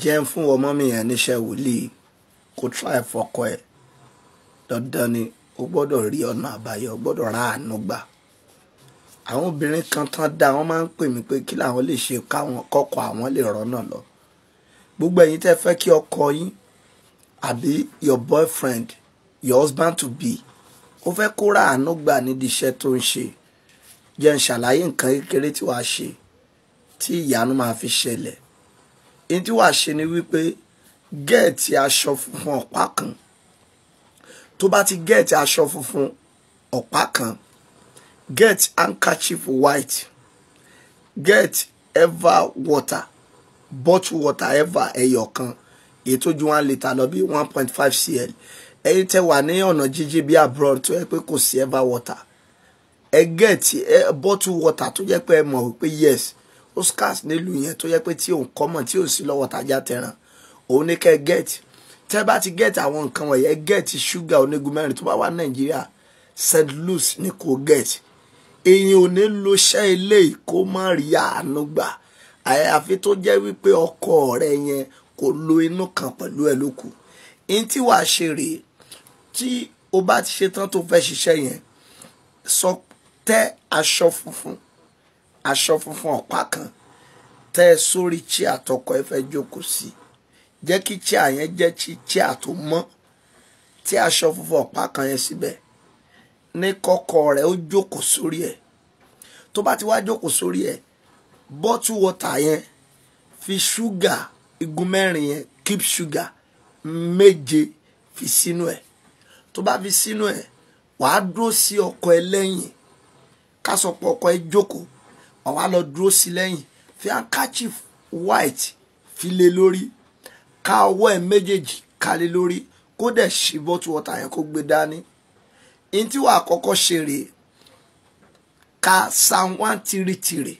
jẹun fún ọmọ mi yẹn níṣẹ́ wòlíì kó try fọkọ ẹ̀ dandan ni o gbọ́dọ̀ rí ọ̀nà àbáyọ o gbọ́dọ̀ ra àánú gbà àwọn obìnrin kan tán dá wọn máa ń pè mí pé kí làwọn lè ṣe káwọn kọkọ àwọn lè rọ́nà lọ gbogbo ẹ̀yin tẹ́ fẹ́ kí ọkọ yín àbí your boyfriend your husband to be ó fẹ́ kó ra àánú gbà nídìí iṣẹ́ tó ń ṣe jẹ́ ń ṣàlàyé nǹkan kékeré tí wàá ṣe tí ìyanu máa fi ṣẹlẹ̀ yìí tí wàá ṣe ni wípé gẹ́ẹ̀tì aṣọ funfun ọ̀pá kan tó bá ti gẹ́ẹ̀tì aṣọ funfun ọ̀pá kan gẹ́ẹ̀tì handkerchief white Get ever water bottle water ever ẹyọ kan èyí tó ju one litre lọ bí one point five cl ẹ̀yin tẹ́ wà ní ọ̀nà jíjìn bí abroad tó yẹ pé kò sí ever water ẹ gẹ́ẹ̀tì bottle water tó jẹ́ pé ẹ mọ̀ wípé yes oscars nílùú yẹn tó yẹ pé tí òun kọ́mọ̀ tí òun sí lọ́wọ́ tajà tẹran òun ní kẹ́ get tẹ́ bá ti get àwọn nǹkan wọ̀nyẹn get sugar onígun mẹ́rin tó bá wà nàìjíríà st louis ni kò get èyàn ò ní lo iṣẹ́ ilé kó má rí àánú gbà àyàfi tó jẹ́ wípé ọkọ rẹ̀ yẹn kò lo inú kan pẹ̀lú ẹ̀ lókù ní tí wàá ṣe rèé tí o bá ti ṣetán tó fẹ́ ṣiṣẹ́ yẹn sọ tẹ́ aṣọ funfun aṣọ funfun ọ̀pá kan tẹ́ ẹ sórí chia tọkọ ẹ fẹ́ jókòó sí jẹ́ kí chia yẹn jẹ́ chia tó mọ́ tí aṣọ funfun ọ̀pá kan yẹn síbẹ̀ ní kọ́kọ́ rẹ̀ ó jókòó sórí ẹ̀ tó bá ti wá jókòó sórí ẹ̀ bọ́tù wọ́tà yẹn fi ṣúgà igun mẹ́rin yẹn keep sugar méje fi sínú ẹ̀ tó bá fi sínú ẹ̀ wàá dúró sí ọkọ ẹ lẹ́yìn ká sọ ẹ jókòó àwa lọ dúró sí lẹ́yìn fi handkerchief white fi lé lórí ká ọwọ́ ẹ̀ méjèèjì ká lé lórí kó dẹ̀ ṣí bọ́tù ọ̀tà yẹn kó gbé dání ní tí wàá kọ́kọ́ ṣe rèé ka psalm one three three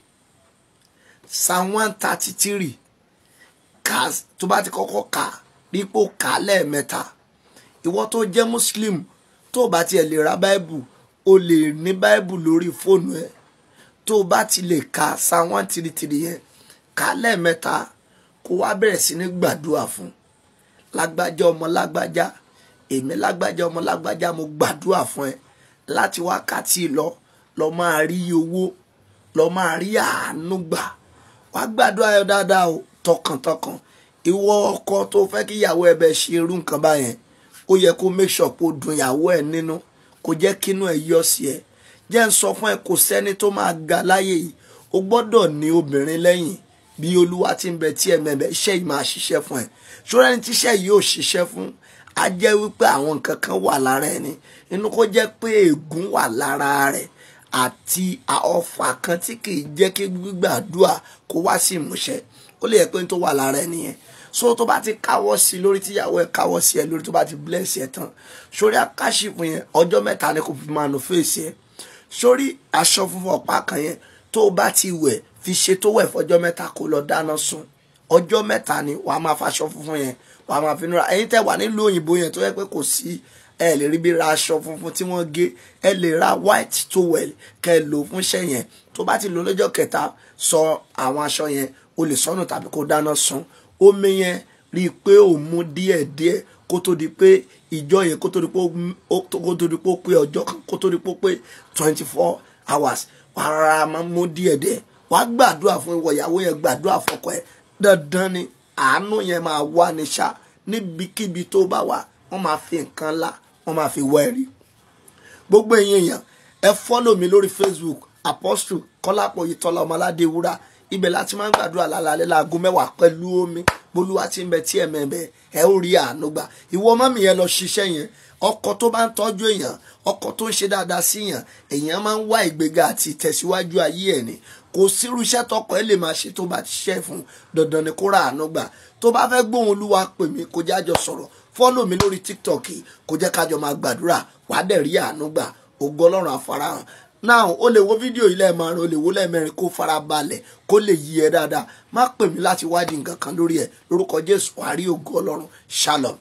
psalm one thirty three ka tó bá ti kọ́kọ́ kà dípò kà lẹ́ẹ̀mẹ́ta ìwọ tó jẹ́ muslim tó bá tiẹ̀ lè ra báìbù o lè ní báìbù lórí fóònù ẹ̀ tó o bá ti lè ka psalm one three three yẹn ka lẹ́ẹ̀mẹ́ta kó wá bẹ̀rẹ̀ sí ní gbàdúrà fún lágbájá ọmọ lágbájá èmi lágbájá ọmọ lágbájá mo gbàdúrà fún ẹ láti wákàtí lọ lọ máa rí owó lọ máa rí àánú gbà wàá gbàdúrà yọ dáadáa o tọkàntọkàn ìwọ ọkọ tó fẹ́ kí ìyàwó ẹ bẹ ṣe irú nǹkan báyẹn ó yẹ kó make sure kó dùn ìyàwó ẹ nínú kó jẹ́ kínú ẹ yọ sí ẹ jẹ́ ń sọ fún ẹ kò sẹ́ni tó máa ga láyé yìí o gbọ́dọ̀ ní obìnrin lẹ́yìn bí olúwa ti ń bẹ tí ẹ mẹ́bẹ̀ iṣẹ́ yìí máa ṣiṣẹ́ fún ẹ ṣọ́ra ẹni tíṣẹ́ yìí ò ṣiṣẹ́ fún a jẹ́ wípé àwọn nǹkan kan wà lára ẹni inú kó jẹ́ pé ègún wà lára rẹ̀ àti ọfà kan tí kì í jẹ́ kí gbígbàdúà kó wá sí ìmúṣẹ ó lè yẹ pé tó wà lára ẹni yẹn so tó bá ti káwọ́ sí lórí tíyàwó ẹ káwọ́ sí ẹ lórí tó bá ti bless ẹ tán sórí akáṣìfù yẹn ọjọ́ mẹ́ta ni kò fi máa nù fèsì ẹ sórí aṣọ funfun ọ̀pá kan yẹn tó o bá ti wẹ̀ fi ṣe tó wẹ̀ fọjọ́ mẹ́ta kó lọ dáná sun ọjọ́ mẹ́ta ni wàá máa faṣọ funfun yẹn wàá máa fi núra ẹ̀yin tẹ́ wà nílùú òyìnbó yẹn tó yẹ pé kò sí ẹ lè rí bí ra aṣọ funfun tí wọ́n gé ẹ lè ra white towel kẹ́ lò fún iṣẹ́ yẹn tó bá ti lò lọ́jọ́ kẹta sọ àwọn aṣọ yẹn o lè sọnù tàbí kó dáná sun omi yẹn rí i pé ò mú díẹ̀díẹ̀ kó tó di pé ìjọ yẹn kó tó di pé kó tó di pé ó pé ọjọ́ kan kó tó di pé twenty four hours wàá rárá máa mú díẹ̀ díẹ̀ wàá gbàdúrà fún ìwọ ìyàwó yẹn gbàdúrà fọkọ ẹ dandan ni àánú yẹn máa wá ní ṣá níbikíbi tó bá wà wọ́n máa fi nǹkan ńlá wọ́n máa fi wọ ẹ̀rí gbogbo ẹ̀yin èèyàn ẹ fọ́lọ̀ mi lórí facebook apostle kọ́lápọ̀ yìí tọ́lá ọmọládé wúrà ibẹ̀ láti máa ń gbàdúrà lálẹ́ láago mẹ́wàá pẹ̀lú omi bolúwa ti ń bẹ tí ẹ̀mẹ̀ bẹ ẹ ó rí àánú gbà ìwọ ọmọ mi yẹn lọ ṣiṣẹ́ yẹn ọkọ tó bá ń tọ́jú èèyàn ọkọ tó ń ṣe dáadáa sí yàn èèyàn máa ń wá ìgbéga àti ìtẹ̀síwájú ayé ẹ̀ ni kò sírú iṣẹ́ tọkọ ẹ lè máa ṣe tó bá ti ṣiṣẹ́ fún dandan ni kó ra àánú gbà tó bá fẹ́ gbóhùn olúwa pè mí kó jájọ sọ̀rọ̀ fọ́lọ̀ mi lórí tiktok kò jẹ́ kájọ máa gbàdúrà wàá dẹ̀ rí àánú gbà ògo ọlọ́run àfarahàn now o lè wo fídíò yìí lẹ́ẹ̀márùn o lè wo lẹ́ẹ̀mẹ́rin kó fara balẹ̀ kó lè yí ẹ dáadáa má pè mí láti wádìí nǹkan kan lórí ẹ lórúkọ jésù àrí ògo ọlọ́run shalom.